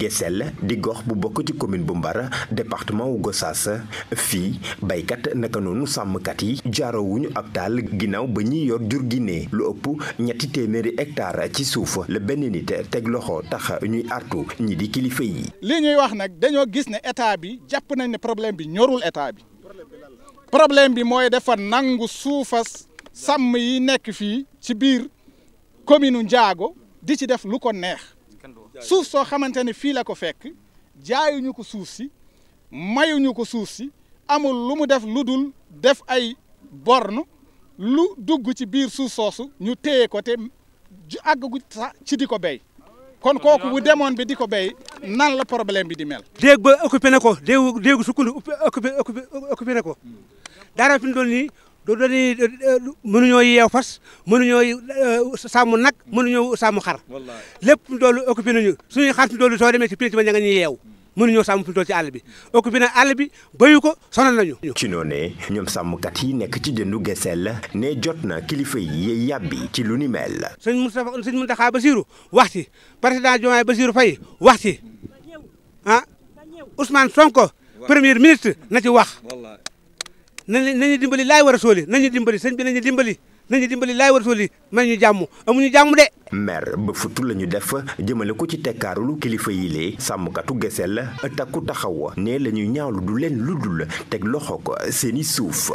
Guessel di gox bu bokk ci commune bu Mbara département wu Gossas fii baykat naka noonu sàmmkat yi jaaroowuñu ab taal ginnaaw ba ñuy yor jur gi ne lu ëpp ñetti téeméeri hectare ci suuf la benn nit teg loxo tax ñuy artu ñi di kilifa yi. lii ñuy wax nag dañoo gis ne état bi jàpp nañ ne problème bi ñorul état bi problème bi mooy dafa nangu suufas sàmm yi nekk fii ci biir commune Ndiago di ci def lu ko neex. suuf soo xamante ne fii la ko fekk jaayuñu ko suuf si mayuñu ko suuf si amul lu mu def lu dul def ay borne lu dugg ci biir suuf soosu ñu téye ko te ju àggagu sax ci di ko béy kon kooku bu demoon bi di ko béy nan la problème bi di mel. déeg ba occupé na ko déegu déegu sukkandu occupé occupé occupé na ko dara fi mu toll nii du dañuy mënuñoo yeew fas mënuñoo eh, sàmm nag mënuñoo sàmm xar lépp doolu occupé nañu suñuy xar fi doolu soo demee ci pénc ma ña nga ñuy yeew mënuñoo sàmm fi ci àll bi occupé na àll bi bayu ko sonal nañu ci noonee ñoom sàmmkat yi nekk ci dëndu Geseel ne jot na kilifa yi yey ci lu ni mel sëñ Moustapha sëñ Mountakha Bassirou wax si président Diomaye Bassirou Faye wax ci ah Ousmane Sonko premier ministre na ci wax nañu nañu dimbali laay war a sooli nañu dimbali sëñ bi nañu dimbali nañu dimbali laay war a sooli may ñu jàmm amuñu jàmm de. mer ba futu la ñu def jëmale ko ci tekkaarulu kilifa yi lee la gesel takku taxaw ne la ñuy ñaawlu du leen ludul teg loxo ko seeni suuf.